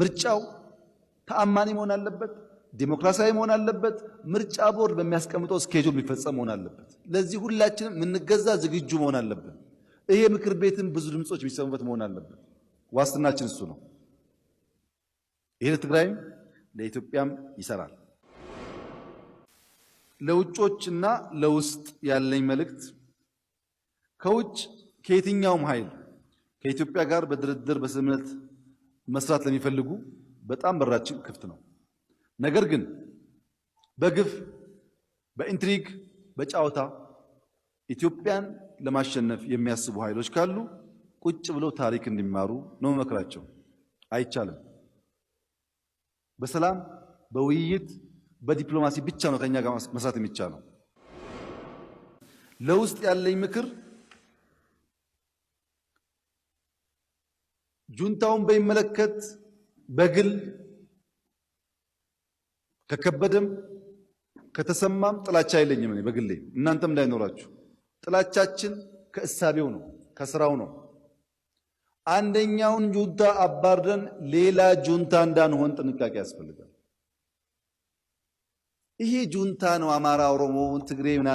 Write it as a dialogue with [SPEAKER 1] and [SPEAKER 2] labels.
[SPEAKER 1] ምርጫው ተአማኒ መሆን አለበት፣ ዲሞክራሲያዊ መሆን አለበት። ምርጫ ቦርድ በሚያስቀምጠው ስኬጁል የሚፈጸም መሆን አለበት። ለዚህ ሁላችንም የምንገዛ ዝግጁ መሆን አለብን። ይሄ ምክር ቤትም ብዙ ድምፆች የሚሰሙበት መሆን አለበት። ዋስትናችን እሱ ነው። ይህ ለትግራይም ለኢትዮጵያም ይሰራል። እና ለውስጥ ያለኝ መልእክት ከውጭ ከየትኛውም ኃይል ከኢትዮጵያ ጋር በድርድር በስምምነት መስራት ለሚፈልጉ በጣም በራችን ክፍት ነው። ነገር ግን በግፍ በኢንትሪግ በጫዋታ ኢትዮጵያን ለማሸነፍ የሚያስቡ ኃይሎች ካሉ ቁጭ ብለው ታሪክ እንዲማሩ ነው መመክራቸው። አይቻልም። በሰላም በውይይት በዲፕሎማሲ ብቻ ነው ከኛ ጋር መስራት የሚቻለው። ለውስጥ ያለኝ ምክር ጁንታውን በሚመለከት በግል ከከበደም ከተሰማም ጥላቻ አይለኝም። እኔ በግሌ እናንተም እንዳይኖራችሁ ጥላቻችን ከእሳቤው ነው፣ ከስራው ነው። አንደኛውን ጁንታ አባርደን ሌላ ጁንታ እንዳንሆን ጥንቃቄ ያስፈልጋል። ይሄ ጁንታ ነው አማራ፣ ኦሮሞውን፣ ትግሬ